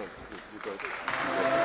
Ευχαριστώ.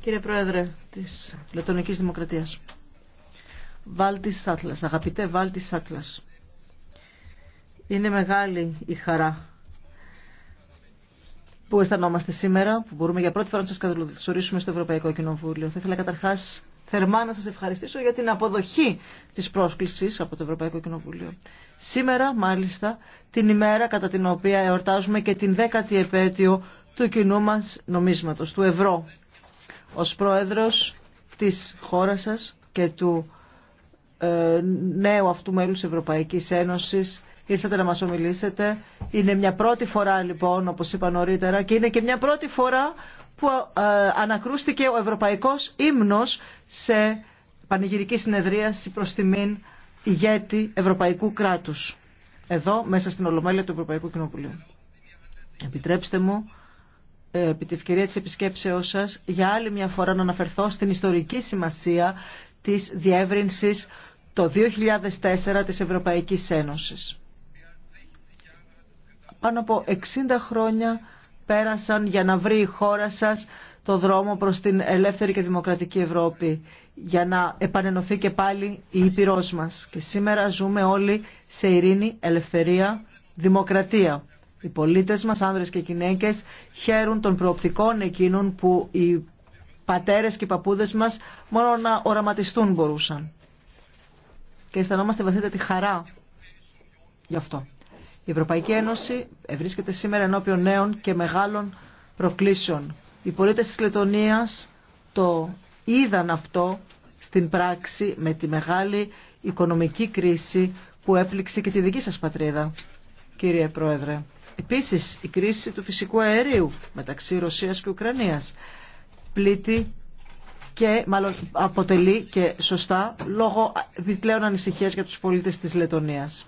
Κύριε Πρόεδρε της Λετωνικής Δημοκρατίας, Βάλτη Σάτλας, αγαπητέ Βάλτης Σάτλας, είναι μεγάλη η χαρά που αισθανόμαστε σήμερα, που μπορούμε για πρώτη φορά να σας καλωσορίσουμε στο Ευρωπαϊκό Κοινοβούλιο. Θα ήθελα καταρχάς θερμά να σας ευχαριστήσω για την αποδοχή της πρόσκλησης από το Ευρωπαϊκό Κοινοβούλιο. Σήμερα, μάλιστα, την ημέρα κατά την οποία εορτάζουμε και την δέκατη επέτειο του κοινού μας νομίσματος, του ευρώ. Ως πρόεδρος της χώρας σας και του ε, νέου αυτού μέλους Ευρωπαϊκής Ένωσης ήρθατε να μας ομιλήσετε. Είναι μια πρώτη φορά λοιπόν, όπως είπα νωρίτερα, και είναι και μια πρώτη φορά που ε, ανακρούστηκε ο ευρωπαϊκός ύμνος σε πανηγυρική συνεδρίαση προς τιμήν ηγέτη ευρωπαϊκού κράτους. Εδώ, μέσα στην Ολομέλεια του Ευρωπαϊκού Κοινοβουλίου. Επιτρέψτε μου, ε, επί τη ευκαιρία της επισκέψεώς σας, για άλλη μια φορά να αναφερθώ στην ιστορική σημασία της διεύρυνσης το 2004 της Ευρωπαϊκής Ένωσης. Πάνω από 60 χρόνια πέρασαν για να βρει η χώρα σας το δρόμο προς την ελεύθερη και δημοκρατική Ευρώπη για να επανενωθεί και πάλι η Ήπειρός μας. Και σήμερα ζούμε όλοι σε ειρήνη, ελευθερία, δημοκρατία. Οι πολίτες μας, άνδρες και γυναίκες, χαίρουν των προοπτικών εκείνων που οι πατέρες και οι παππούδες μας μόνο να οραματιστούν μπορούσαν. Και αισθανόμαστε τη χαρά γι' αυτό. Η Ευρωπαϊκή Ένωση βρίσκεται σήμερα ενώπιον νέων και μεγάλων προκλήσεων. Οι πολίτες της Λετωνίας το είδαν αυτό στην πράξη με τη μεγάλη οικονομική κρίση που έπληξε και τη δική σας πατρίδα, κύριε Πρόεδρε. Επίσης, η κρίση του φυσικού αερίου μεταξύ Ρωσίας και Ουκρανίας πλήττει και μάλλον αποτελεί και σωστά λόγω επιπλέον ανησυχίας για τους πολίτες της Λετωνίας.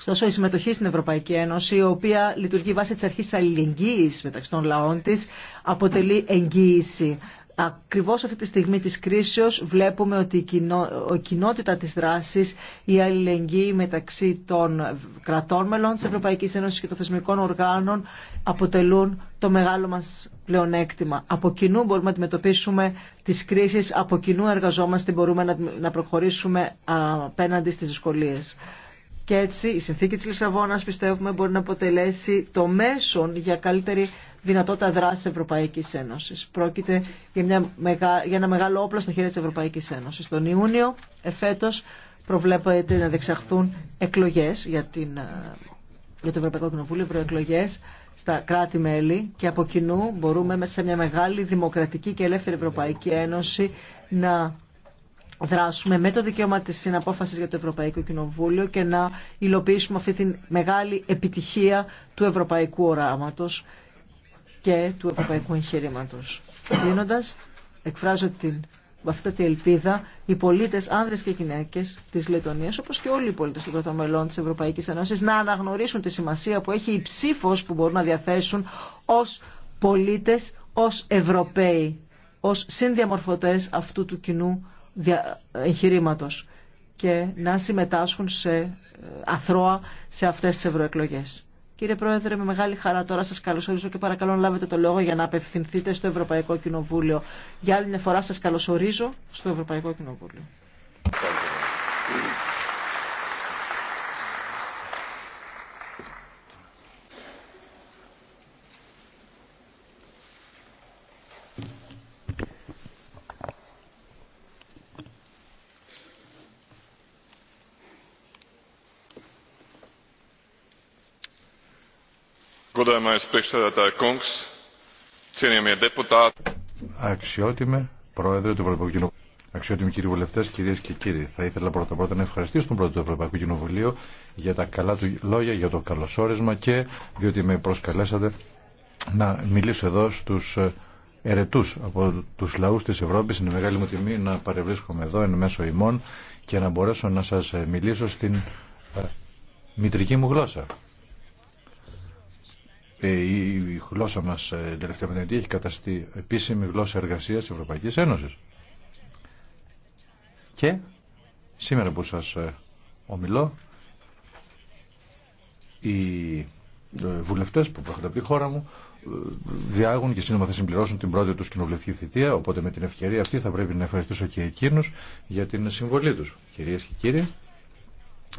Ωστόσο, η συμμετοχή στην Ευρωπαϊκή Ένωση, η οποία λειτουργεί βάσει τη αρχή αλληλεγγύη μεταξύ των λαών τη, αποτελεί εγγύηση. Ακριβώ αυτή τη στιγμή τη κρίσεω βλέπουμε ότι η, κοινό, η κοινότητα τη δράση, η αλληλεγγύη μεταξύ των κρατών μελών τη Ευρωπαϊκή Ένωση και των θεσμικών οργάνων αποτελούν το μεγάλο μα πλεονέκτημα. Από κοινού μπορούμε να αντιμετωπίσουμε τι κρίσει, από κοινού εργαζόμαστε, μπορούμε να προχωρήσουμε απέναντι στι δυσκολίε. Και έτσι η συνθήκη της Λισαβόνας πιστεύουμε μπορεί να αποτελέσει το μέσον για καλύτερη δυνατότητα δράση Ευρωπαϊκής Ένωσης. Πρόκειται για, μια για ένα μεγάλο όπλο στα χέρια της Ευρωπαϊκής Ένωσης. Τον Ιούνιο εφέτος προβλέπεται να δεξαχθούν εκλογές για, την... Ε, για το Ευρωπαϊκό Κοινοβούλιο, προεκλογέ στα κράτη-μέλη και από κοινού μπορούμε μέσα σε μια μεγάλη δημοκρατική και ελεύθερη Ευρωπαϊκή Ένωση να δράσουμε με το δικαίωμα της συναπόφασης για το Ευρωπαϊκό Κοινοβούλιο και να υλοποιήσουμε αυτή την μεγάλη επιτυχία του ευρωπαϊκού οράματος και του ευρωπαϊκού εγχειρήματο. Δίνοντας, εκφράζω την τη ελπίδα, οι πολίτε άνδρες και γυναίκε τη Λετωνία, όπω και όλοι οι πολίτε των κρατών τη Ευρωπαϊκή Ευρωπαϊκής να αναγνωρίσουν τη σημασία που έχει η ψήφος που μπορούν να διαθέσουν ω πολίτε, ω Ευρωπαίοι, ω συνδιαμορφωτέ αυτού του κοινού εγχειρήματο και να συμμετάσχουν σε ε, αθρώα σε αυτές τις ευρωεκλογές. Κύριε Πρόεδρε, με μεγάλη χαρά τώρα σας καλωσορίζω και παρακαλώ να λάβετε το λόγο για να απευθυνθείτε στο Ευρωπαϊκό Κοινοβούλιο. Για άλλη μια φορά σας καλωσορίζω στο Ευρωπαϊκό Κοινοβούλιο. Αξιότιμε Πρόεδρε του Ευρωπαϊκού Κοινοβουλίου, αξιότιμοι κύριοι βουλευτέ, κυρίε και κύριοι, θα ήθελα πρώτα πρώτα να ευχαριστήσω τον Πρόεδρο του Ευρωπαϊκού Κοινοβουλίου για τα καλά του λόγια, για το καλωσόρισμα και διότι με προσκαλέσατε να μιλήσω εδώ στου ε, ερετού από του λαού τη Ευρώπη. Είναι μεγάλη μου τιμή να παρευρίσκομαι εδώ εν μέσω ημών και να μπορέσω να σα ε, μιλήσω στην ε, μητρική μου γλώσσα. Ε, η γλώσσα μας ε, την τελευταία πενταετία έχει καταστεί επίσημη γλώσσα εργασίας της Ευρωπαϊκής Ένωσης. Και σήμερα που σας ε, ομιλώ, οι βουλευτές που προχωρούν από τη χώρα μου διάγουν και σύντομα θα συμπληρώσουν την πρώτη τους κοινοβουλευτική θητεία, οπότε με την ευκαιρία αυτή θα πρέπει να ευχαριστήσω και εκείνους για την συμβολή τους. Κυρίες και κύριοι,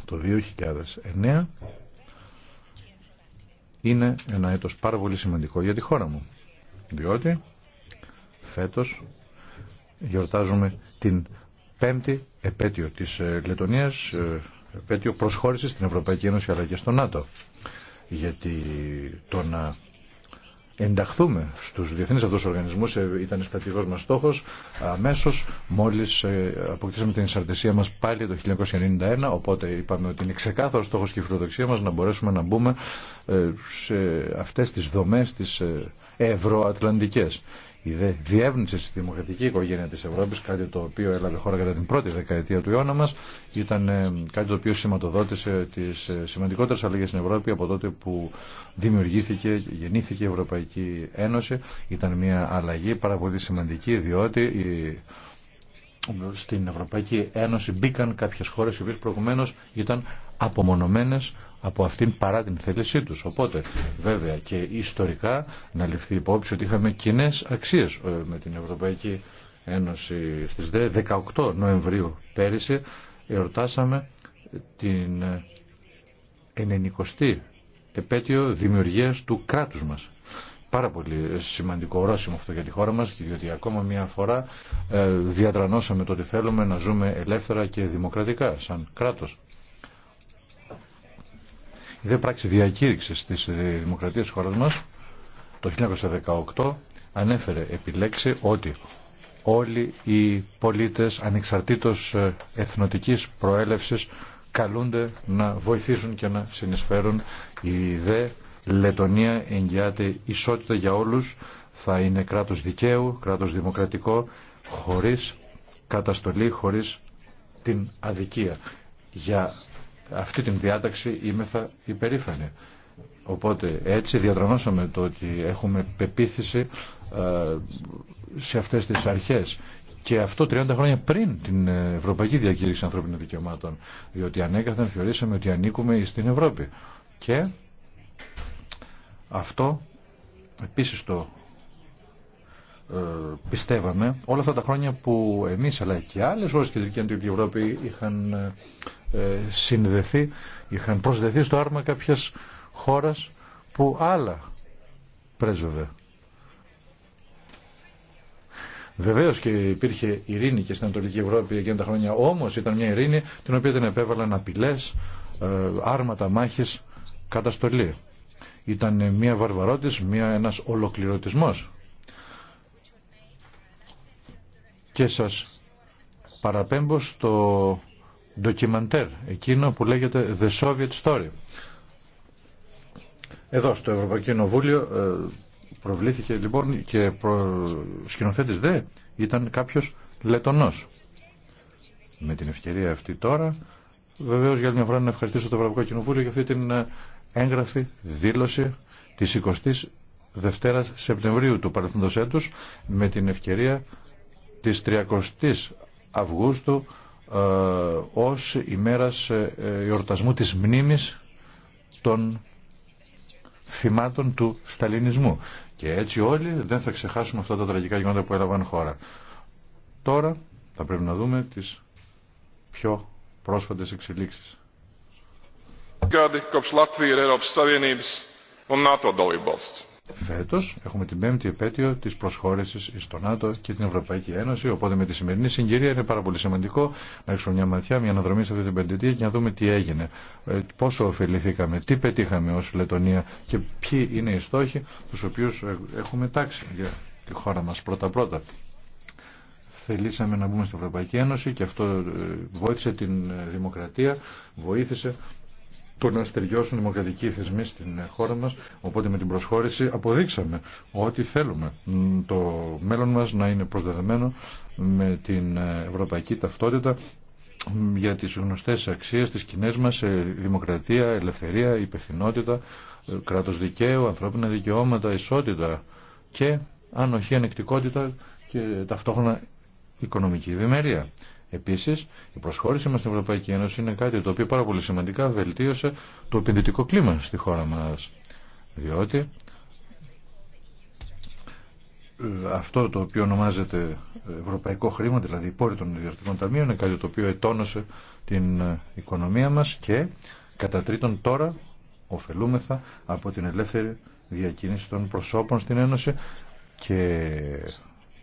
το 2009 είναι ένα έτος πάρα πολύ σημαντικό για τη χώρα μου. Διότι φέτος γιορτάζουμε την πέμπτη επέτειο της ε, Λετωνίας, ε, επέτειο προσχώρησης στην Ευρωπαϊκή Ένωση αλλά και στο ΝΑΤΟ. Γιατί το να ενταχθούμε στους διεθνείς αυτούς οργανισμούς, ε, ήταν στατικός μας στόχος, αμέσως μόλις ε, αποκτήσαμε την εισαρτησία μας πάλι το 1991, οπότε είπαμε ότι είναι ξεκάθαρο στόχος και η φιλοδοξία μας να μπορέσουμε να μπούμε ε, σε αυτές τις δομές, τις ευρωατλαντικές η δε διεύνηση στη δημοκρατική οικογένεια της Ευρώπης, κάτι το οποίο έλαβε χώρα κατά την πρώτη δεκαετία του αιώνα μα ήταν ε, κάτι το οποίο σηματοδότησε τις ε, σημαντικότερες αλλαγές στην Ευρώπη από τότε που δημιουργήθηκε, γεννήθηκε η Ευρωπαϊκή Ένωση. Ήταν μια αλλαγή πάρα πολύ σημαντική, διότι η στην Ευρωπαϊκή Ένωση μπήκαν κάποιε χώρε οι οποίε προηγουμένω ήταν απομονωμένες από αυτήν παρά την θέλησή τους. Οπότε βέβαια και ιστορικά να ληφθεί υπόψη ότι είχαμε κοινέ αξίες ε, με την Ευρωπαϊκή Ένωση στις 18 Νοεμβρίου πέρυσι εορτάσαμε την 90η ε, επέτειο δημιουργίας του κράτους μας. Πάρα πολύ σημαντικό ορόσημο αυτό για τη χώρα μας διότι ακόμα μια φορά ε, διατρανώσαμε το ότι θέλουμε να ζούμε ελεύθερα και δημοκρατικά σαν κράτος δε πράξη διακήρυξης της ε, δημοκρατίας της χώρας μας το 1918 ανέφερε επιλέξει ότι όλοι οι πολίτες ανεξαρτήτως ε, εθνοτικής προέλευσης καλούνται να βοηθήσουν και να συνεισφέρουν η δε Λετωνία εγγυάται ισότητα για όλους θα είναι κράτος δικαίου, κράτος δημοκρατικό χωρίς καταστολή, χωρίς την αδικία για αυτή την διάταξη είμεθα υπερήφανη. Οπότε έτσι διατρανώσαμε το ότι έχουμε πεποίθηση ε, σε αυτές τις αρχές και αυτό 30 χρόνια πριν την Ευρωπαϊκή Διακήρυξη Ανθρώπινων Δικαιωμάτων διότι ανέκαθεν θεωρήσαμε ότι ανήκουμε στην Ευρώπη και αυτό επίσης το ε, πιστεύαμε όλα αυτά τα χρόνια που εμείς αλλά και άλλες χώρες της Ανατολική Ευρώπη είχαν ε, συνδεθεί, είχαν προσδεθεί στο άρμα κάποιας χώρας που άλλα πρέσβευε. Βεβαίως και υπήρχε ειρήνη και στην Ανατολική Ευρώπη εκείνα τα χρόνια, όμως ήταν μια ειρήνη την οποία την επέβαλαν απειλές, ε, άρματα μάχης, καταστολή. Ήταν μια βαρβαρότης, μια, ένας ολοκληρωτισμός. και σας παραπέμπω στο ντοκιμαντέρ εκείνο που λέγεται The Soviet Story. Εδώ στο Ευρωπαϊκό Κοινοβούλιο ε, προβλήθηκε λοιπόν και προ... σκηνοθέτης δε ήταν κάποιος λετονός. Με την ευκαιρία αυτή τώρα βεβαίως για μια φορά να ευχαριστήσω το Ευρωπαϊκό Κοινοβούλιο για αυτή την ε, έγγραφη δήλωση της 20ης Δευτέρας Σεπτεμβρίου του παρελθόντος έτους με την ευκαιρία της 30ης Αυγούστου ε, ως ημέρας ε, εορτασμού της μνήμης των θυμάτων του σταλινισμού. Και έτσι όλοι δεν θα ξεχάσουμε αυτά τα τραγικά γεγονότα που έλαβαν χώρα. Τώρα θα πρέπει να δούμε τις πιο πρόσφατες εξελίξεις. kopš Φέτος έχουμε την πέμπτη επέτειο της προσχώρησης στο ΝΑΤΟ και την Ευρωπαϊκή Ένωση, οπότε με τη σημερινή συγκυρία είναι πάρα πολύ σημαντικό να ρίξουμε μια ματιά, μια αναδρομή σε αυτή την πεντετία και να δούμε τι έγινε, ε, πόσο ωφεληθήκαμε, τι πετύχαμε ως Λετωνία και ποιοι είναι οι στόχοι τους οποίους ε, έχουμε τάξει για τη χώρα μας πρώτα-πρώτα θελήσαμε να μπούμε στην Ευρωπαϊκή Ένωση και αυτό ε, βόηθησε την δημοκρατία, βοήθησε το να στεριώσουν δημοκρατικοί θεσμοί στην χώρα μας Οπότε με την προσχώρηση αποδείξαμε ότι θέλουμε το μέλλον μας να είναι προσδεδεμένο με την ε, ευρωπαϊκή ταυτότητα για τις γνωστές αξίες της κοινέ μας ε, δημοκρατία, ελευθερία, υπευθυνότητα, ε, κράτος δικαίου, ανθρώπινα δικαιώματα, ισότητα και αν όχι ανεκτικότητα και ταυτόχρονα οικονομική ευημερία. Επίσης, η προσχώρηση μας στην Ευρωπαϊκή Ένωση είναι κάτι το οποίο πάρα πολύ σημαντικά βελτίωσε το επενδυτικό κλίμα στη χώρα μας διότι αυτό το οποίο ονομάζεται ευρωπαϊκό χρήμα, δηλαδή η πόρη των ιδιωτικών ταμείων, είναι κάτι το οποίο ετώνωσε την οικονομία μας και κατά τρίτον τώρα ωφελούμεθα από την ελεύθερη διακίνηση των προσώπων στην Ένωση και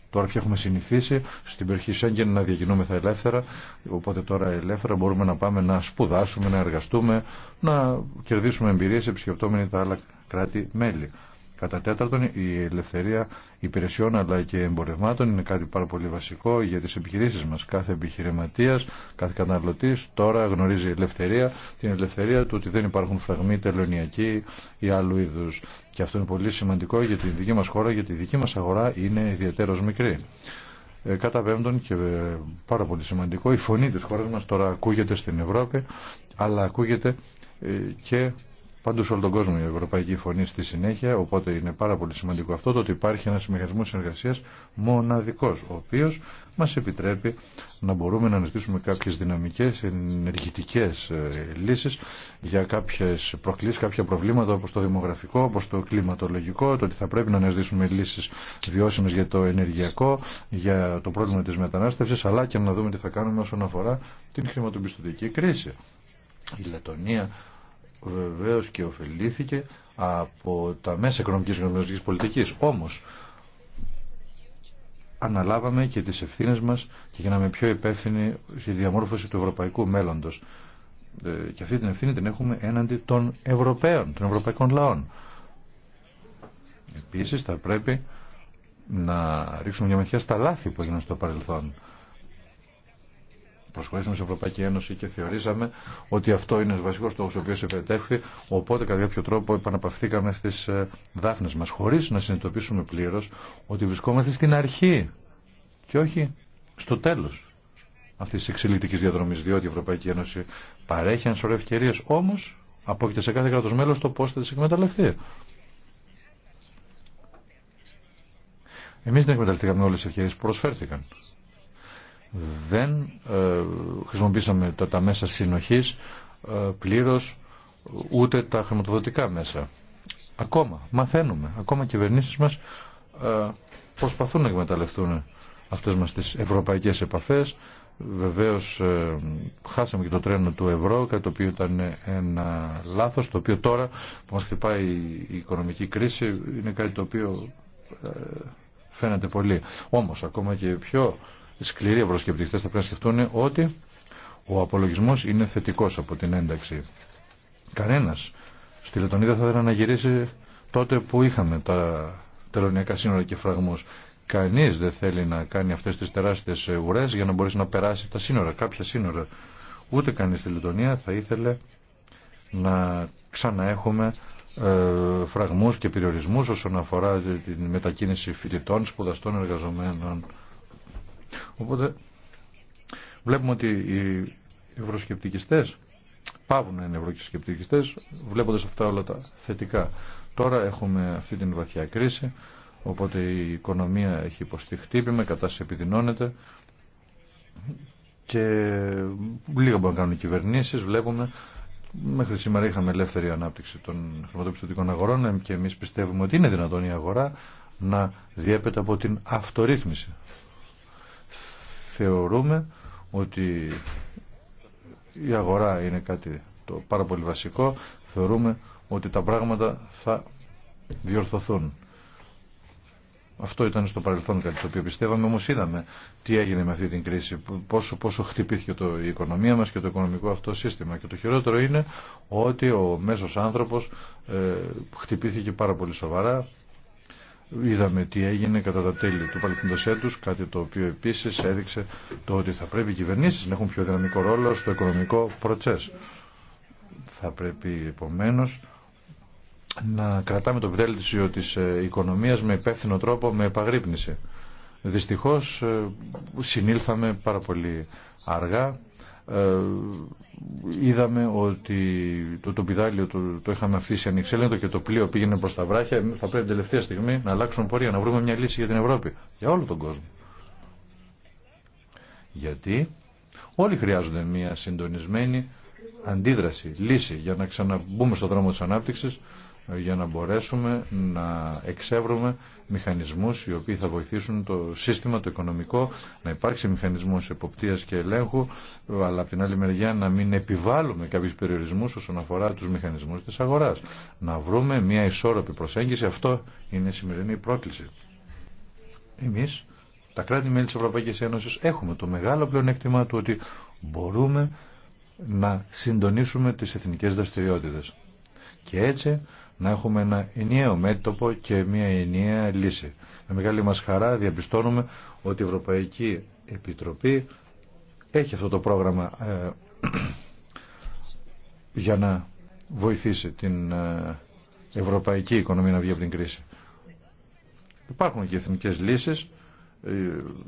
τώρα πια έχουμε συνηθίσει στην περιοχή Σέγγεν να διακινούμεθα ελεύθερα οπότε τώρα ελεύθερα μπορούμε να πάμε να σπουδάσουμε, να εργαστούμε, να κερδίσουμε εμπειρίες επισκεπτόμενοι τα άλλα κράτη-μέλη. Κατά τέταρτον, η ελευθερία υπηρεσιών αλλά και εμπορευμάτων είναι κάτι πάρα πολύ βασικό για τις επιχειρήσεις μας. Κάθε επιχειρηματίας, κάθε καταναλωτής τώρα γνωρίζει ελευθερία, την ελευθερία του ότι δεν υπάρχουν φραγμοί τελωνιακοί ή άλλου είδους. Και αυτό είναι πολύ σημαντικό για την δική μας χώρα, γιατί η δική μας αγορά είναι ιδιαίτερος μικρή. Ε, κατά πέμπτον και ε, πάρα πολύ σημαντικό, η φωνή της χώρας μας τώρα ακούγεται στην Ευρώπη, αλλά ακούγεται ε, και παντού σε όλο τον κόσμο η Ευρωπαϊκή Φωνή στη συνέχεια, οπότε είναι πάρα πολύ σημαντικό αυτό το ότι υπάρχει ένας μηχανισμός συνεργασίας μοναδικός, ο οποίος μας επιτρέπει να μπορούμε να αναζητήσουμε κάποιες δυναμικές, ενεργητικές ε, λύσεις για κάποιες προκλήσεις, κάποια προβλήματα όπως το δημογραφικό, όπως το κλιματολογικό, το ότι θα πρέπει να αναζητήσουμε λύσεις βιώσιμες για το ενεργειακό, για το πρόβλημα της μετανάστευσης, αλλά και να δούμε τι θα κάνουμε όσον αφορά την χρηματοπιστωτική κρίση. Η Λετωνία βεβαίως και ωφελήθηκε από τα μέσα οικονομικής και οικονομικής πολιτικής. Όμως, αναλάβαμε και τις ευθύνες μας και γίναμε πιο υπεύθυνοι στη διαμόρφωση του ευρωπαϊκού μέλλοντος. Ε, και αυτή την ευθύνη την έχουμε έναντι των Ευρωπαίων, των Ευρωπαϊκών λαών. Επίσης θα πρέπει να ρίξουμε μια μεθιά στα λάθη που έγιναν στο παρελθόν προσχωρήσαμε στην Ευρωπαϊκή Ένωση και θεωρήσαμε ότι αυτό είναι ο βασικό στόχο ο οποίο επετεύχθη. Οπότε, κατά κάποιο τρόπο, επαναπαυθήκαμε στι ε, δάφνε μα, χωρί να συνειδητοποιήσουμε πλήρω ότι βρισκόμαστε στην αρχή και όχι στο τέλο αυτή τη εξελικτική διαδρομή, διότι η Ευρωπαϊκή Ένωση παρέχει αν σωρεύει ευκαιρίε, όμω απόκειται σε κάθε κράτο μέλο το πώ θα τι εκμεταλλευτεί. Εμεί δεν εκμεταλλευτήκαμε όλε τι ευκαιρίε που προσφέρθηκαν δεν ε, χρησιμοποίησαμε τα, τα μέσα συνοχής ε, πλήρως ούτε τα χρηματοδοτικά μέσα. Ακόμα μαθαίνουμε, ακόμα οι κυβερνήσεις μας ε, προσπαθούν να εκμεταλλευτούν αυτές μας τις ευρωπαϊκές επαφές. Βεβαίως χάσαμε και το τρένο του ευρώ, κάτι το οποίο ήταν ένα λάθος, το οποίο τώρα που μας χτυπάει η οικονομική κρίση είναι κάτι το οποίο φαίνεται πολύ. Όμως ακόμα και πιο σκληροί ευρωσκεπτικοί θα πρέπει να σκεφτούν ότι ο απολογισμό είναι θετικό από την ένταξη. Κανένα. στη Λετωνίδα θα ήθελε να γυρίσει τότε που είχαμε τα τελωνιακά σύνορα και φραγμού. Κανεί δεν θέλει να κάνει αυτέ τι τεράστιε ουρές για να μπορέσει να περάσει τα σύνορα, κάποια σύνορα. Ούτε κανεί στη Λετωνία θα ήθελε να ξαναέχουμε ε, φραγμούς και περιορισμούς όσον αφορά την μετακίνηση φοιτητών, σπουδαστών, εργαζομένων. Οπότε βλέπουμε ότι οι ευρωσκεπτικιστές πάβουν να είναι ευρωσκεπτικιστές βλέποντας αυτά όλα τα θετικά. Τώρα έχουμε αυτή την βαθιά κρίση, οπότε η οικονομία έχει υποστεί χτύπημα, η κατάσταση επιδεινώνεται και λίγα μπορούν να κάνουν οι κυβερνήσεις, βλέπουμε Μέχρι σήμερα είχαμε ελεύθερη ανάπτυξη των χρηματοπιστωτικών αγορών και εμείς πιστεύουμε ότι είναι δυνατόν η αγορά να διέπεται από την αυτορύθμιση θεωρούμε ότι η αγορά είναι κάτι το πάρα πολύ βασικό. Θεωρούμε ότι τα πράγματα θα διορθωθούν. Αυτό ήταν στο παρελθόν κάτι το οποίο πιστεύαμε, όμως είδαμε τι έγινε με αυτή την κρίση, πόσο, πόσο χτυπήθηκε το, η οικονομία μας και το οικονομικό αυτό σύστημα. Και το χειρότερο είναι ότι ο μέσος άνθρωπος ε, χτυπήθηκε πάρα πολύ σοβαρά, Είδαμε τι έγινε κατά τα τέλη του παρελθόντος έτους, κάτι το οποίο επίσης έδειξε το ότι θα πρέπει οι κυβερνήσεις να έχουν πιο δυναμικό ρόλο στο οικονομικό προτσέ. Θα πρέπει επομένως να κρατάμε το επιτέλεσμα της ε, οικονομίας με υπεύθυνο τρόπο, με επαγρύπνηση. Δυστυχώς ε, συνήλθαμε πάρα πολύ αργά ε, είδαμε ότι το, τοπιδάλιο, πιδάλιο το, το είχαμε αφήσει ανεξέλεγκτο και το πλοίο πήγαινε προς τα βράχια. Θα πρέπει τελευταία στιγμή να αλλάξουν πορεία, να βρούμε μια λύση για την Ευρώπη, για όλο τον κόσμο. Γιατί όλοι χρειάζονται μια συντονισμένη αντίδραση, λύση για να ξαναμπούμε στο δρόμο της ανάπτυξης για να μπορέσουμε να εξεύρουμε μηχανισμούς οι οποίοι θα βοηθήσουν το σύστημα, το οικονομικό, να υπάρξει μηχανισμός εποπτείας και ελέγχου, αλλά από την άλλη μεριά να μην επιβάλλουμε κάποιους περιορισμούς όσον αφορά τους μηχανισμούς της αγοράς. Να βρούμε μια ισόρροπη προσέγγιση, αυτό είναι η σημερινή πρόκληση. Εμείς, τα κράτη-μέλη της Ευρωπαϊκής Ένωσης, έχουμε το μεγάλο πλεονέκτημα του ότι μπορούμε να συντονίσουμε τις εθνικές δραστηριότητες. Και έτσι να έχουμε ένα ενιαίο μέτωπο και μια ενιαία λύση. Με μεγάλη μας χαρά διαπιστώνουμε ότι η Ευρωπαϊκή Επιτροπή έχει αυτό το πρόγραμμα ε, για να βοηθήσει την ε, ευρωπαϊκή οικονομία να βγει από την κρίση. Υπάρχουν και εθνικές λύσεις.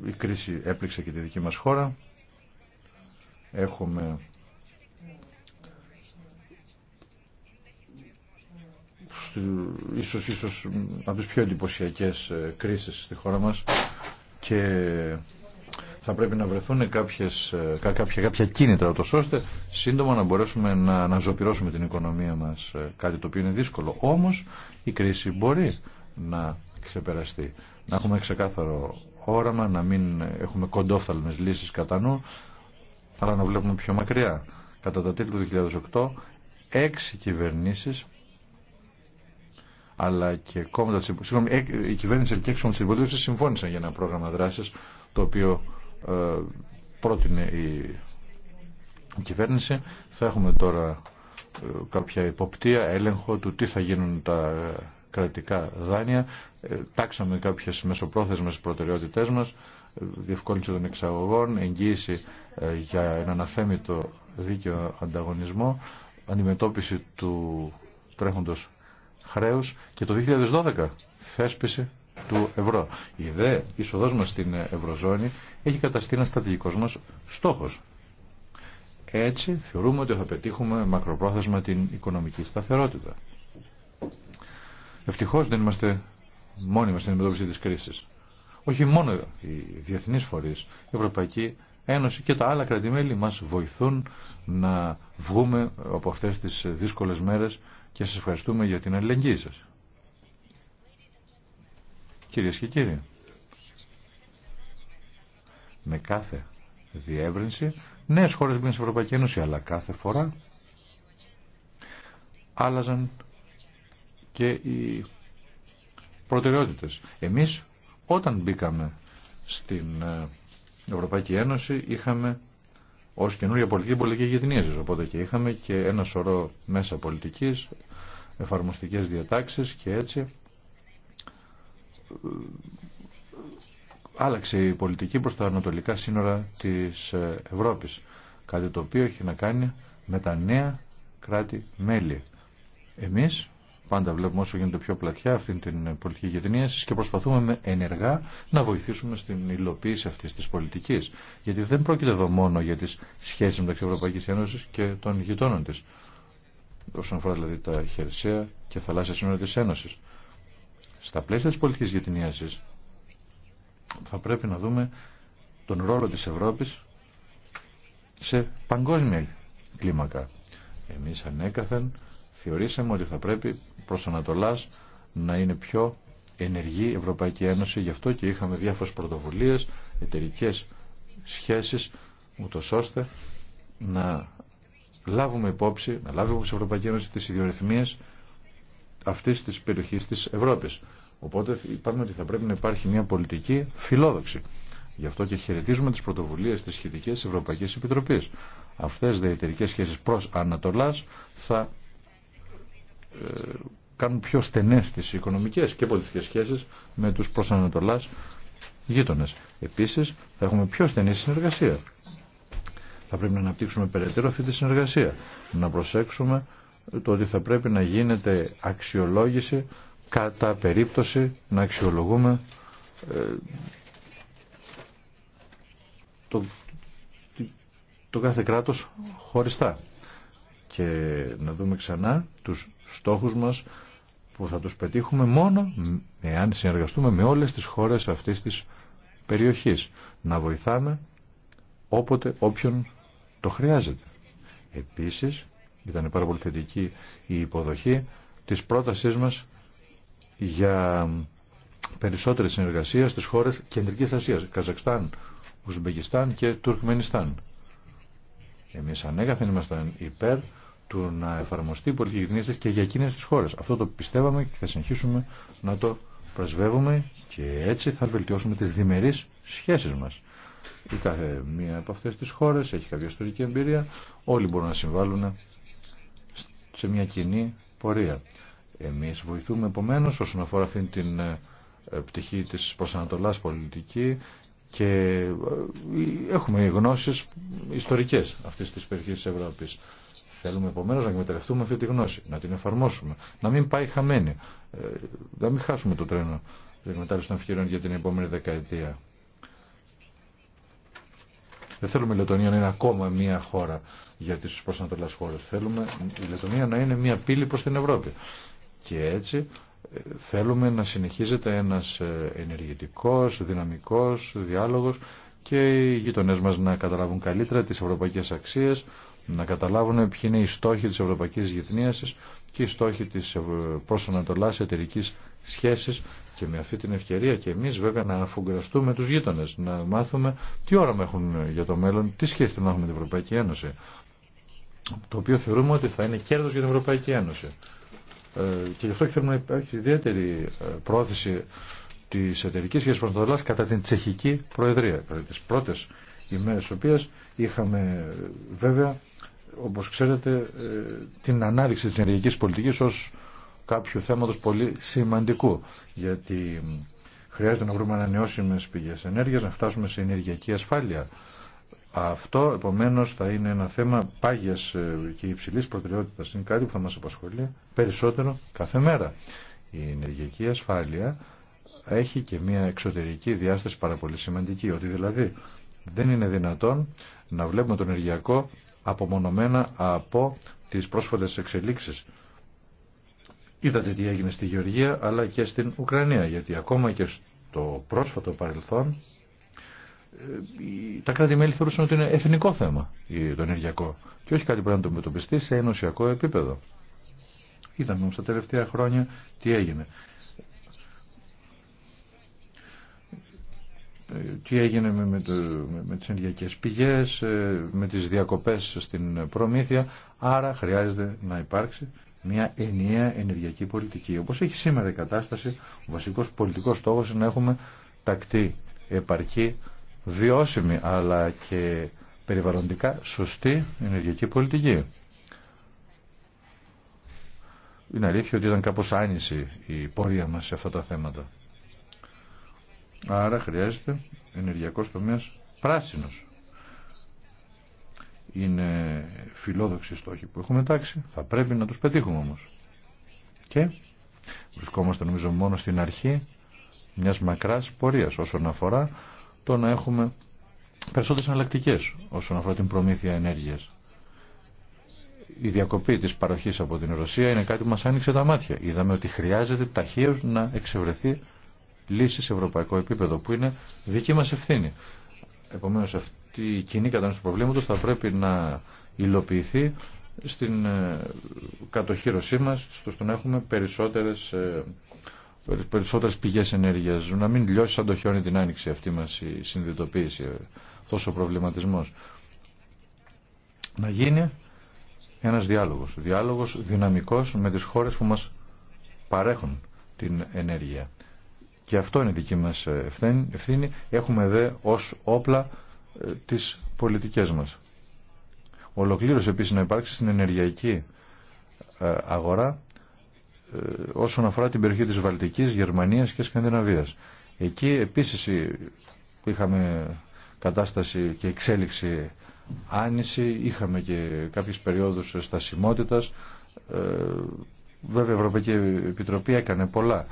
Η κρίση έπληξε και τη δική μας χώρα. Έχουμε ίσως, ίσως από τις πιο εντυπωσιακέ ε, κρίσεις στη χώρα μας και θα πρέπει να βρεθούν κάποιες, ε, κάποια, κάποια κίνητρα ώστε σύντομα να μπορέσουμε να, να την οικονομία μας ε, κάτι το οποίο είναι δύσκολο. Όμως η κρίση μπορεί να ξεπεραστεί. Να έχουμε ξεκάθαρο όραμα, να μην έχουμε κοντόφθαλμες λύσεις κατά νου, αλλά να βλέπουμε πιο μακριά. Κατά τα τέλη του 2008, έξι κυβερνήσεις αλλά και κόμματα της Συγγνώμη, η κυβέρνηση και έξω της συμφώνησαν για ένα πρόγραμμα δράσης το οποίο ε, πρότεινε η κυβέρνηση. Θα έχουμε τώρα ε, κάποια υποπτία, έλεγχο του τι θα γίνουν τα κρατικά δάνεια. Ε, τάξαμε κάποιες μεσοπρόθεσμες προτεραιότητές μας, ε, διευκόλυνση των εξαγωγών, εγγύηση ε, για έναν αθέμητο δίκαιο ανταγωνισμό, αντιμετώπιση του τρέχοντος χρέους και το 2012 θέσπιση του ευρώ. Η δε είσοδός μας στην Ευρωζώνη έχει καταστεί ένα στρατηγικός μας στόχος. Έτσι θεωρούμε ότι θα πετύχουμε μακροπρόθεσμα την οικονομική σταθερότητα. Ευτυχώς δεν είμαστε μόνοι στην αντιμετώπιση της κρίσης. Όχι μόνο οι διεθνείς φορείς, η Ευρωπαϊκή Ένωση και τα άλλα κρατημέλη μας βοηθούν να βγούμε από αυτές τις δύσκολες μέρες και σας ευχαριστούμε για την αλληλεγγύη σας. Κυρίες και κύριοι, με κάθε διεύρυνση, νέες χώρες μπήκαν στην Ευρωπαϊκή Ένωση, αλλά κάθε φορά άλλαζαν και οι προτεραιότητες. Εμείς όταν μπήκαμε στην ε, Ευρωπαϊκή Ένωση είχαμε ω καινούργια πολιτική πολιτική γειτονία. Οπότε και είχαμε και ένα σωρό μέσα πολιτική, εφαρμοστικέ διατάξει και έτσι ε, άλλαξε η πολιτική προς τα ανατολικά σύνορα της ε, Ευρώπης. Κάτι το οποίο έχει να κάνει με τα νέα κράτη-μέλη. Εμείς πάντα βλέπουμε όσο γίνεται πιο πλατιά αυτήν την πολιτική γειτονίαση και προσπαθούμε με ενεργά να βοηθήσουμε στην υλοποίηση αυτή τη πολιτική. Γιατί δεν πρόκειται εδώ μόνο για τι σχέσει μεταξύ Ευρωπαϊκή Ένωση και των γειτόνων τη. Όσον αφορά δηλαδή τα χερσαία και θαλάσσια σύνορα τη Ένωση. Στα πλαίσια τη πολιτική γενίαση. θα πρέπει να δούμε τον ρόλο της Ευρώπης σε παγκόσμια κλίμακα. Εμείς ανέκαθεν θεωρήσαμε ότι θα πρέπει προς Ανατολάς να είναι πιο ενεργή η Ευρωπαϊκή Ένωση. Γι' αυτό και είχαμε διάφορες πρωτοβουλίες, εταιρικέ σχέσεις, ούτω ώστε να λάβουμε υπόψη, να λάβουμε υπόψη η Ευρωπαϊκή Ένωση τις ιδιορυθμίες αυτής της περιοχής της Ευρώπης. Οπότε είπαμε ότι θα πρέπει να υπάρχει μια πολιτική φιλόδοξη. Γι' αυτό και χαιρετίζουμε τις πρωτοβουλίες της σχετικής ευρωπαϊκή Ευρωπαϊκής Επιτροπής. Αυτές οι εταιρικές σχέσεις προς Ανατολάς θα ε, κάνουν πιο στενές τις οικονομικές και πολιτικές σχέσεις με τους προσανατολάς γείτονες. Επίσης θα έχουμε πιο στενή συνεργασία. Θα πρέπει να αναπτύξουμε περαιτέρω αυτή τη συνεργασία. Να προσέξουμε το ότι θα πρέπει να γίνεται αξιολόγηση κατά περίπτωση να αξιολογούμε ε, το, το κάθε κράτος χωριστά και να δούμε ξανά τους στόχους μας που θα τους πετύχουμε μόνο εάν συνεργαστούμε με όλες τις χώρες αυτής της περιοχής. Να βοηθάμε όποτε όποιον το χρειάζεται. Επίσης, ήταν πάρα πολύ θετική η υποδοχή της πρότασής μας για περισσότερη συνεργασία στις χώρες Κεντρικής Ασίας, Καζακστάν, Ουσμπεκιστάν και Τουρκμενιστάν. Εμείς ανέκαθεν ήμασταν υπέρ του να εφαρμοστεί η πολιτική γειτονία και για εκείνες τις χώρες. Αυτό το πιστεύαμε και θα συνεχίσουμε να το πρεσβεύουμε και έτσι θα βελτιώσουμε τις διμερείς σχέσεις μας. Η κάθε μία από αυτές τις χώρες έχει κάποια ιστορική εμπειρία, όλοι μπορούν να συμβάλλουν σε μια κοινή πορεία. Εμείς βοηθούμε επομένω όσον αφορά αυτή την ε, πτυχή της προσανατολάς πολιτική και ε, έχουμε γνώσεις ιστορικές αυτής της περιοχής της Ευρώπης. Θέλουμε επομένω να εκμεταλλευτούμε αυτή τη γνώση, να την εφαρμόσουμε, να μην πάει χαμένη, ε, να μην χάσουμε το τρένο τη εκμετάλλευση των ευκαιριών για την επόμενη δεκαετία. Δεν θέλουμε η Λετωνία να είναι ακόμα μία χώρα για τι προσανατολέ χώρε. Θέλουμε η Λετωνία να είναι μία πύλη προ την Ευρώπη. Και έτσι ε, θέλουμε να συνεχίζεται ένα ε, ενεργητικό, δυναμικό, διάλογο και οι γειτονέ μα να καταλάβουν καλύτερα τι ευρωπαϊκέ αξίε να καταλάβουν ποιοι είναι οι στόχοι της Ευρωπαϊκής Γειτονίας και οι στόχοι της προσανατολάς εταιρικής σχέσης και με αυτή την ευκαιρία και εμείς βέβαια να αφουγκραστούμε τους γείτονες, να μάθουμε τι όραμα έχουν για το μέλλον, τι σχέση θέλουν να έχουμε με την Ευρωπαϊκή Ένωση, το οποίο θεωρούμε ότι θα είναι κέρδος για την Ευρωπαϊκή Ένωση. Ε, και γι' αυτό και θέλουμε να υπάρχει ιδιαίτερη ε, πρόθεση τη εταιρική σχέση προσανατολά κατά την τσεχική προεδρία. Κατά τι πρώτε ημέρε, οποίε είχαμε βέβαια όπως ξέρετε, ε, την ανάδειξη της ενεργειακής πολιτικής ως κάποιο θέματο πολύ σημαντικού. Γιατί χρειάζεται να βρούμε ανανεώσιμες πηγές ενέργειας, να φτάσουμε σε ενεργειακή ασφάλεια. Αυτό, επομένως, θα είναι ένα θέμα πάγιας ε, και υψηλής προτεραιότητας. Είναι κάτι που θα μας απασχολεί περισσότερο κάθε μέρα. Η ενεργειακή ασφάλεια έχει και μια εξωτερική διάσταση πάρα πολύ σημαντική. Ότι δηλαδή δεν είναι δυνατόν να βλέπουμε το ενεργειακό απομονωμένα από τις πρόσφατες εξελίξεις. Είδατε τι έγινε στη Γεωργία αλλά και στην Ουκρανία γιατί ακόμα και στο πρόσφατο παρελθόν ε, τα κράτη-μέλη θεωρούσαν ότι είναι εθνικό θέμα το ενεργειακό και όχι κάτι πρέπει να το μετωπιστεί σε ενωσιακό επίπεδο. Είδαμε όμως τα τελευταία χρόνια τι έγινε. τι έγινε με, το, με τις ενδιακές πηγές, ε, με τις διακοπές στην προμήθεια. Άρα χρειάζεται να υπάρξει μια ενιαία ενεργειακή πολιτική. Όπως έχει σήμερα η κατάσταση, ο βασικός πολιτικός στόχος είναι να έχουμε τακτή, επαρκή, βιώσιμη αλλά και περιβαλλοντικά σωστή ενεργειακή πολιτική. Είναι αλήθεια ότι ήταν κάπως άνηση η πορεία μας σε αυτά τα θέματα. Άρα χρειάζεται ενεργειακός τομέας πράσινος. Είναι φιλόδοξοι στόχοι που έχουμε τάξει, θα πρέπει να τους πετύχουμε όμως. Και βρισκόμαστε νομίζω μόνο στην αρχή μιας μακράς πορείας όσον αφορά το να έχουμε περισσότερες εναλλακτικές όσον αφορά την προμήθεια ενέργειας. Η διακοπή της παροχής από την Ρωσία είναι κάτι που μας άνοιξε τα μάτια. Είδαμε ότι χρειάζεται ταχύως να εξευρεθεί λύσει σε ευρωπαϊκό επίπεδο που είναι δική μα ευθύνη. Επομένω, αυτή η κοινή κατανόηση του προβλήματο θα πρέπει να υλοποιηθεί στην ε, κατοχήρωσή μα στο να έχουμε περισσότερες, ε, περισσότερες πηγές ενέργειας να μην λιώσει σαν το χιόνι την άνοιξη αυτή μας η συνειδητοποίηση ε, τόσο ο προβληματισμός να γίνει ένας διάλογος διάλογος δυναμικός με τις χώρες που μας παρέχουν την ενέργεια και αυτό είναι δική μας ευθύνη. Έχουμε δε ως όπλα ε, τις πολιτικές μας. Ολοκλήρωσε επίσης να υπάρξει στην ενεργειακή ε, αγορά ε, όσον αφορά την περιοχή της Βαλτικής, Γερμανίας και Σκανδιναβίας. Εκεί επίσης είχαμε κατάσταση και εξέλιξη άνηση, είχαμε και κάποιες περιόδους στασιμότητας. Βέβαια η Ευρωπαϊκή Επιτροπή έκανε πολλά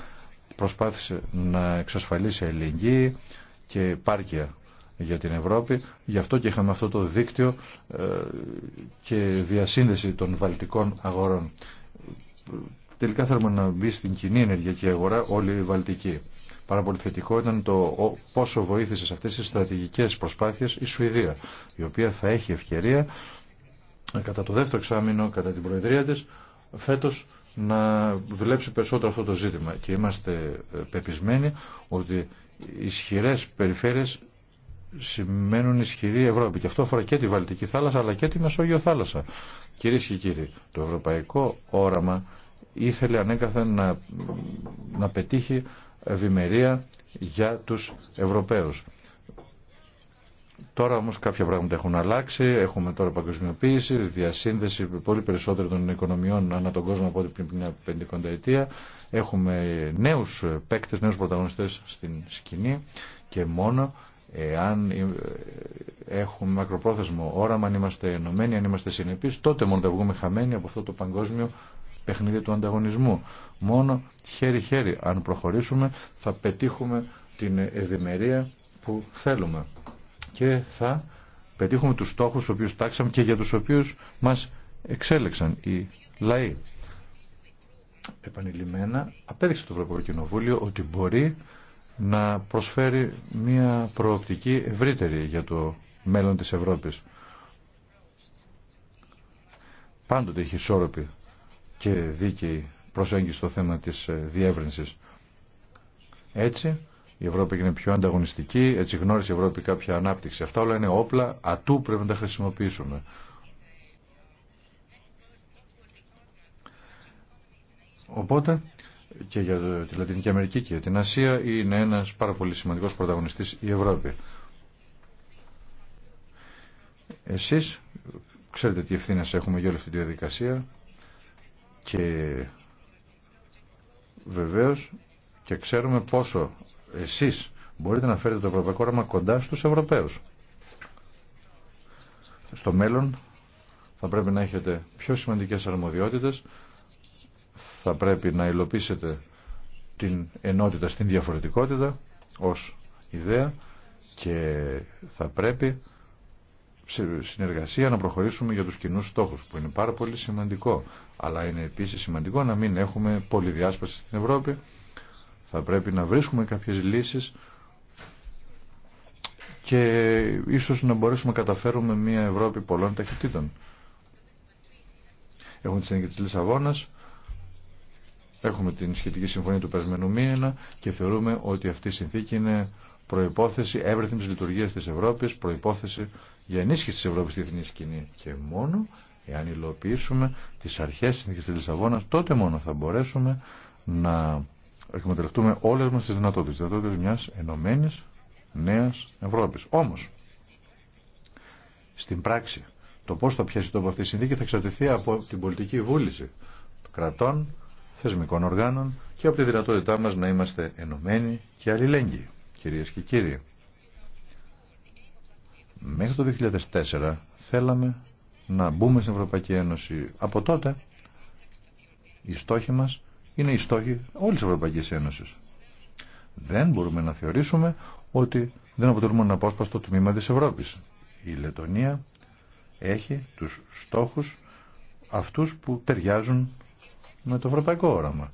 προσπάθησε να εξασφαλίσει ελληνική και πάρκια για την Ευρώπη. Γι' αυτό και είχαμε αυτό το δίκτυο ε, και διασύνδεση των βαλτικών αγορών. Τελικά θέλουμε να μπει στην κοινή ενεργειακή αγορά όλη η Βαλτική. Πάρα πολύ θετικό ήταν το πόσο βοήθησε σε αυτές τις στρατηγικές προσπάθειες η Σουηδία, η οποία θα έχει ευκαιρία ε, κατά το δεύτερο εξάμεινο, κατά την προεδρία της, φέτος να δουλέψει περισσότερο αυτό το ζήτημα και είμαστε ε, πεπισμένοι ότι ισχυρές περιφέρειες σημαίνουν ισχυρή Ευρώπη και αυτό αφορά και τη Βαλτική θάλασσα αλλά και τη Μεσόγειο θάλασσα. Κυρίε και κύριοι, το ευρωπαϊκό όραμα ήθελε ανέκαθεν να, να πετύχει ευημερία για τους Ευρωπαίους. Τώρα όμως κάποια πράγματα έχουν αλλάξει, έχουμε τώρα παγκοσμιοποίηση, διασύνδεση πολύ περισσότερο των οικονομιών ανά τον κόσμο από ό,τι πριν μια πεντηκονταετία. Έχουμε νέους παίκτες, νέους πρωταγωνιστές στην σκηνή και μόνο εάν ε, έχουμε μακροπρόθεσμο όραμα, αν είμαστε ενωμένοι, αν είμαστε συνεπείς, τότε μόνο θα βγούμε χαμένοι από αυτό το παγκόσμιο παιχνίδι του ανταγωνισμού. Μόνο χέρι-χέρι, αν προχωρήσουμε, θα πετύχουμε την ευημερία που θέλουμε και θα πετύχουμε τους στόχους τους οποίους τάξαμε και για τους οποίους μας εξέλεξαν οι λαοί. Επανειλημμένα απέδειξε το Ευρωπαϊκό Κοινοβούλιο ότι μπορεί να προσφέρει μια προοπτική ευρύτερη για το μέλλον της Ευρώπης. Πάντοτε έχει ισόρροπη και δίκαιη προσέγγιση στο θέμα της ε, διεύρυνσης. Έτσι η Ευρώπη έγινε πιο ανταγωνιστική, έτσι γνώρισε η Ευρώπη κάποια ανάπτυξη. Αυτά όλα είναι όπλα, ατού πρέπει να τα χρησιμοποιήσουμε. Οπότε και για τη Λατινική Αμερική και για την Ασία είναι ένας πάρα πολύ σημαντικός πρωταγωνιστής η Ευρώπη. Εσείς ξέρετε τι ευθύνε έχουμε για όλη αυτή τη διαδικασία και βεβαίως και ξέρουμε πόσο εσείς μπορείτε να φέρετε το ευρωπαϊκό όραμα κοντά στους Ευρωπαίους. Στο μέλλον θα πρέπει να έχετε πιο σημαντικές αρμοδιότητες, θα πρέπει να υλοποιήσετε την ενότητα στην διαφορετικότητα ως ιδέα και θα πρέπει σε συνεργασία να προχωρήσουμε για τους κοινούς στόχους που είναι πάρα πολύ σημαντικό αλλά είναι επίσης σημαντικό να μην έχουμε πολυδιάσπαση στην Ευρώπη θα πρέπει να βρίσκουμε κάποιες λύσεις και ίσως να μπορέσουμε να καταφέρουμε μια Ευρώπη πολλών ταχυτήτων. Έχουμε τη συνέχεια της Λισαβόνας, έχουμε την σχετική συμφωνία του περσμένου μήνα και θεωρούμε ότι αυτή η συνθήκη είναι προϋπόθεση εύρεθμης λειτουργίας της Ευρώπης, προϋπόθεση για ενίσχυση της Ευρώπης στη διεθνή σκηνή. Και μόνο εάν υλοποιήσουμε τις αρχές της Λισαβόνας, τότε μόνο θα μπορέσουμε να εκμεταλλευτούμε όλες μας τις δυνατότητες, Δυνατότητε μια μιας ενωμένης νέας Ευρώπης. Όμως, στην πράξη, το πώς θα πιάσει από αυτή η συνθήκη θα εξαρτηθεί από την πολιτική βούληση κρατών, θεσμικών οργάνων και από τη δυνατότητά μας να είμαστε ενωμένοι και αλληλέγγυοι, κυρίε και κύριοι. Μέχρι το 2004 θέλαμε να μπούμε στην Ευρωπαϊκή Ένωση. Από τότε οι στόχοι μας είναι οι στόχοι όλη τη Ευρωπαϊκή Ένωση. Δεν μπορούμε να θεωρήσουμε ότι δεν αποτελούμε ένα απόσπαστο τμήμα της Ευρώπη. Η Λετωνία έχει τους στόχους αυτούς που ταιριάζουν με το ευρωπαϊκό όραμα.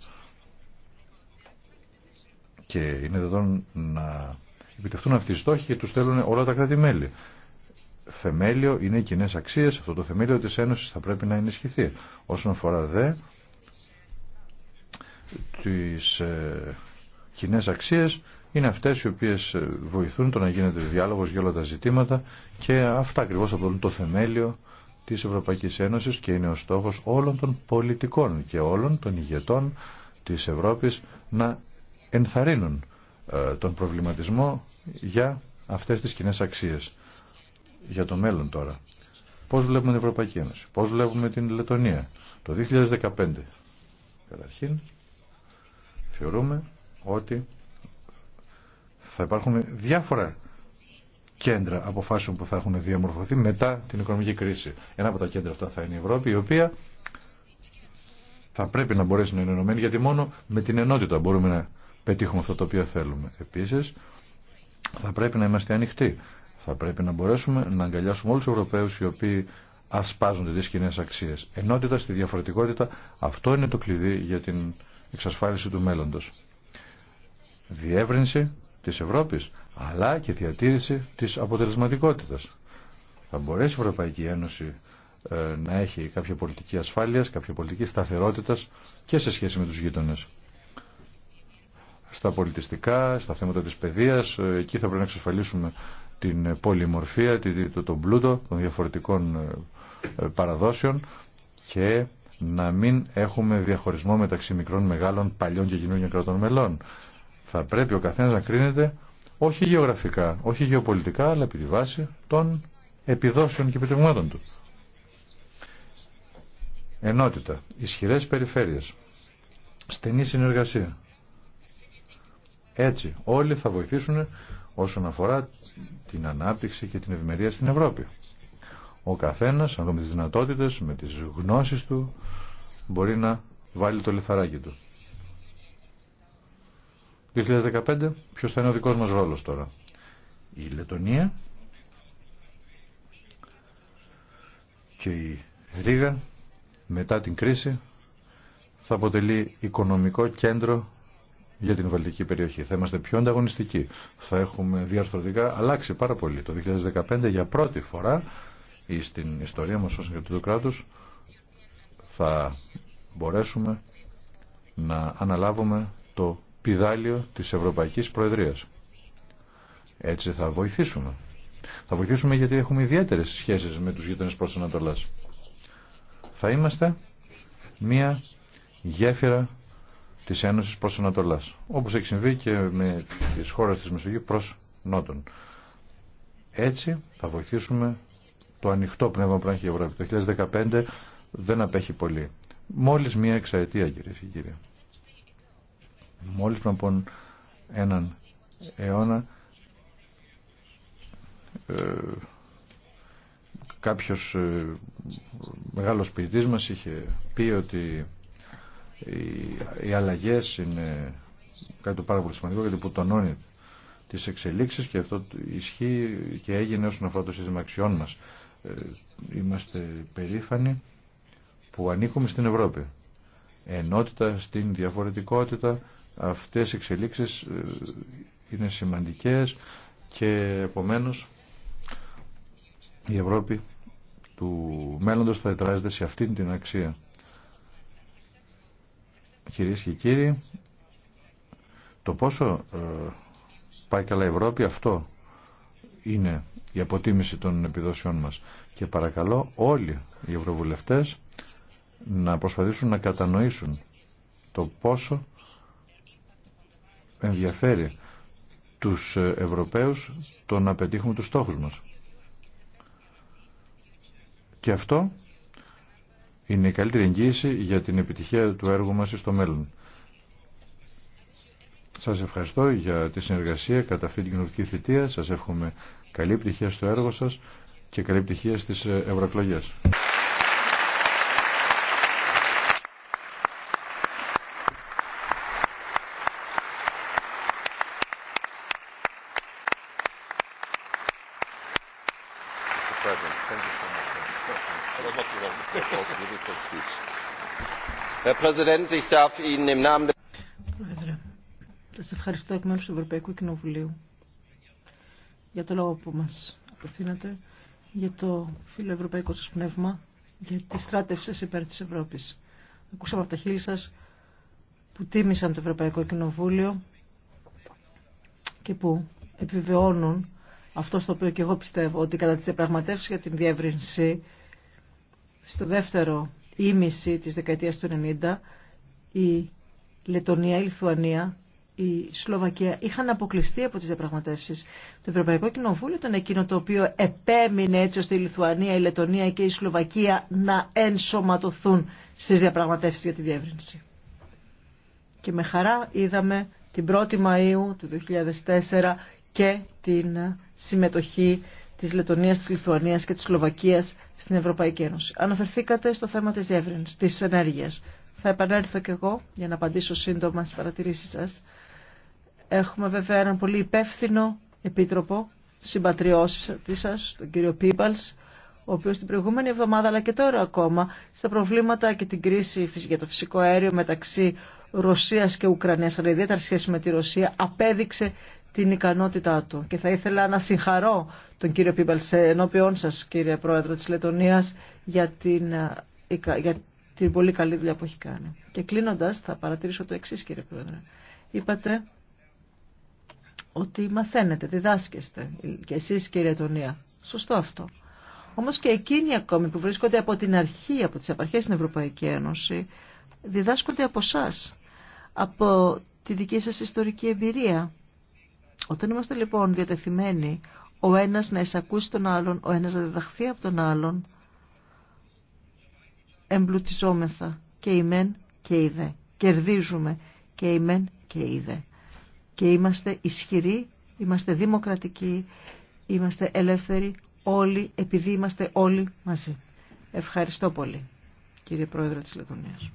Και είναι δεδομένο να επιτευχθούν αυτοί οι στόχοι και τους θέλουν όλα τα κράτη-μέλη. Θεμέλιο είναι οι κοινέ αξίε, αυτό το θεμέλιο τη Ένωση θα πρέπει να ενισχυθεί. Όσον αφορά δε τις ε, κοινέ αξίες είναι αυτές οι οποίες ε, βοηθούν το να γίνεται διάλογος για όλα τα ζητήματα και αυτά ακριβώς αποτελούν το θεμέλιο της Ευρωπαϊκής Ένωσης και είναι ο στόχος όλων των πολιτικών και όλων των ηγετών της Ευρώπης να ενθαρρύνουν ε, τον προβληματισμό για αυτές τις κοινέ αξίες για το μέλλον τώρα. Πώς βλέπουμε την Ευρωπαϊκή Ένωση, πώς βλέπουμε την Λετωνία το 2015. Καταρχήν Θεωρούμε ότι θα υπάρχουν διάφορα κέντρα αποφάσεων που θα έχουν διαμορφωθεί μετά την οικονομική κρίση. Ένα από τα κέντρα αυτά θα είναι η Ευρώπη, η οποία θα πρέπει να μπορέσει να είναι ενωμένη, γιατί μόνο με την ενότητα μπορούμε να πετύχουμε αυτό το οποίο θέλουμε. Επίσης, θα πρέπει να είμαστε ανοιχτοί. Θα πρέπει να μπορέσουμε να αγκαλιάσουμε όλους τους Ευρωπαίους οι οποίοι ασπάζονται τις κοινέ αξίες. Ενότητα στη διαφορετικότητα, αυτό είναι το κλειδί για την εξασφάλιση του μέλλοντος. Διεύρυνση της Ευρώπης, αλλά και διατήρηση της αποτελεσματικότητας. Θα μπορέσει η Ευρωπαϊκή Ένωση ε, να έχει κάποια πολιτική ασφάλειας, κάποια πολιτική σταθερότητας και σε σχέση με τους γείτονες. Στα πολιτιστικά, στα θέματα της παιδείας, ε, εκεί θα πρέπει να εξασφαλίσουμε την πολυμορφία, τον πλούτο των διαφορετικών ε, παραδόσεων και να μην έχουμε διαχωρισμό μεταξύ μικρών, μεγάλων, παλιών και καινούργιων κρατών μελών. Θα πρέπει ο καθένας να κρίνεται όχι γεωγραφικά, όχι γεωπολιτικά, αλλά επί τη βάση των επιδόσεων και επιτευγμάτων του. Ενότητα, ισχυρές περιφέρειες, στενή συνεργασία. Έτσι, όλοι θα βοηθήσουν όσον αφορά την ανάπτυξη και την ευημερία στην Ευρώπη ο καθένας, αν δούμε τις δυνατότητες, με τις γνώσεις του, μπορεί να βάλει το λιθαράκι του. 2015, ποιος θα είναι ο δικός μας ρόλος τώρα. Η Λετωνία και η Ρήγα μετά την κρίση θα αποτελεί οικονομικό κέντρο για την Βαλτική περιοχή. Θα είμαστε πιο ανταγωνιστικοί. Θα έχουμε διαρθρωτικά αλλάξει πάρα πολύ. Το 2015 για πρώτη φορά ή στην ιστορία μας ως κρατήτου κράτους θα μπορέσουμε να αναλάβουμε το πιδάλιο της Ευρωπαϊκής Προεδρίας. Έτσι θα βοηθήσουμε. Θα βοηθήσουμε γιατί έχουμε ιδιαίτερες σχέσεις με τους γείτονες προς Ανατολάς. Θα είμαστε μία γέφυρα της Ένωσης προς Ανατολάς, όπως έχει συμβεί και με τις χώρες της Μεσογείου προς Νότον. Έτσι θα βοηθήσουμε το ανοιχτό πνεύμα που έχει η Ευρώπη. Το 2015 δεν απέχει πολύ. Μόλις μία εξαετία κύριε και κύριοι. Μόλις πριν από έναν αιώνα ε, κάποιος ε, μεγάλος ποιητής μας είχε πει ότι οι, οι αλλαγές είναι κάτι το πάρα πολύ σημαντικό γιατί που τονώνει τις εξελίξεις και αυτό ισχύει και έγινε όσον αφορά το σύστημα αξιών μας. Ε, είμαστε περήφανοι που ανήκουμε στην Ευρώπη. Ενότητα στην διαφορετικότητα, αυτές οι εξελίξεις ε, είναι σημαντικές και επομένως η Ευρώπη του μέλλοντος θα ετράζεται σε αυτήν την αξία. Κυρίες και κύριοι, το πόσο ε, πάει καλά η Ευρώπη αυτό είναι η αποτίμηση των επιδόσεών μας. Και παρακαλώ όλοι οι ευρωβουλευτές να προσπαθήσουν να κατανοήσουν το πόσο ενδιαφέρει τους Ευρωπαίους το να πετύχουμε τους στόχους μας. Και αυτό είναι η καλύτερη εγγύηση για την επιτυχία του έργου μας στο μέλλον. Σας ευχαριστώ για τη συνεργασία κατά αυτή την κοινωνική θητεία. Σας εύχομαι Καλή επιτυχία στο έργο σας και καλή επιτυχία στις ε, ευρωεκλογές. Πρόεδρε, σας ευχαριστώ εκ μέρους του Ευρωπαϊκού Κοινοβουλίου για το λόγο που μας απευθύνατε, για το φιλοευρωπαϊκό σας πνεύμα, για τη στράτευση υπέρ της Ευρώπης. Ακούσαμε από τα χείλη σας που τίμησαν το Ευρωπαϊκό Κοινοβούλιο και που επιβεβαιώνουν αυτό στο οποίο και εγώ πιστεύω, ότι κατά τη διαπραγματεύση για την διεύρυνση στο δεύτερο ήμιση της δεκαετίας του 90 η Λετωνία, η Λιθουανία η Σλοβακία είχαν αποκλειστεί από τις διαπραγματεύσεις. Το Ευρωπαϊκό Κοινοβούλιο ήταν εκείνο το οποίο επέμεινε έτσι ώστε η Λιθουανία, η Λετωνία και η Σλοβακία να ενσωματωθούν στις διαπραγματεύσεις για τη διεύρυνση. Και με χαρά είδαμε την 1η Μαΐου του 2004 και την συμμετοχή της Λετωνίας, της Λιθουανίας και της Σλοβακίας στην Ευρωπαϊκή Ένωση. Αναφερθήκατε στο θέμα της διεύρυνσης, της ενέργειας. Θα επανέλθω κι εγώ για να απαντήσω σύντομα στι παρατηρήσει σας. Έχουμε βέβαια έναν πολύ υπεύθυνο επίτροπο συμπατριώτη σα, τον κύριο Πίπαλ, ο οποίο την προηγούμενη εβδομάδα αλλά και τώρα ακόμα στα προβλήματα και την κρίση για το φυσικό αέριο μεταξύ Ρωσίας και Ουκρανίας, αλλά ιδιαίτερα σχέση με τη Ρωσία, απέδειξε την ικανότητά του. Και θα ήθελα να συγχαρώ τον κύριο Πίπαλ σε ενώπιόν σα, κύριε Πρόεδρο τη Λετωνία, για την, ε, για την πολύ καλή δουλειά που έχει κάνει. Και κλείνοντα θα παρατηρήσω το εξή, κύριε Πρόεδρε. Είπατε ότι μαθαίνετε, διδάσκεστε και εσείς κύριε Τονία. Σωστό αυτό. Όμως και εκείνοι ακόμη που βρίσκονται από την αρχή, από τις απαρχές στην Ευρωπαϊκή Ένωση, διδάσκονται από εσά, από τη δική σας ιστορική εμπειρία. Όταν είμαστε λοιπόν διατεθειμένοι ο ένας να εισακούσει τον άλλον, ο ένας να διδαχθεί από τον άλλον, εμπλουτιζόμεθα και ημέν και είδε. Κερδίζουμε και ημέν και είδε και είμαστε ισχυροί, είμαστε δημοκρατικοί, είμαστε ελεύθεροι όλοι επειδή είμαστε όλοι μαζί. Ευχαριστώ πολύ κύριε Πρόεδρε της Λετωνίας.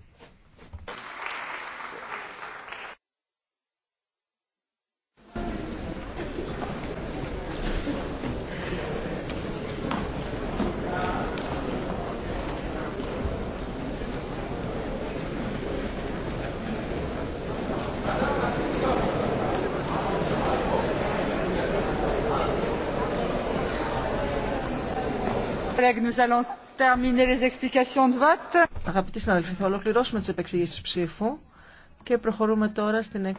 Αγαπητοί συναδελφοί, θα ολοκληρώσουμε τις επεξηγήσεις ψήφου και προχωρούμε τώρα στην έκθεση.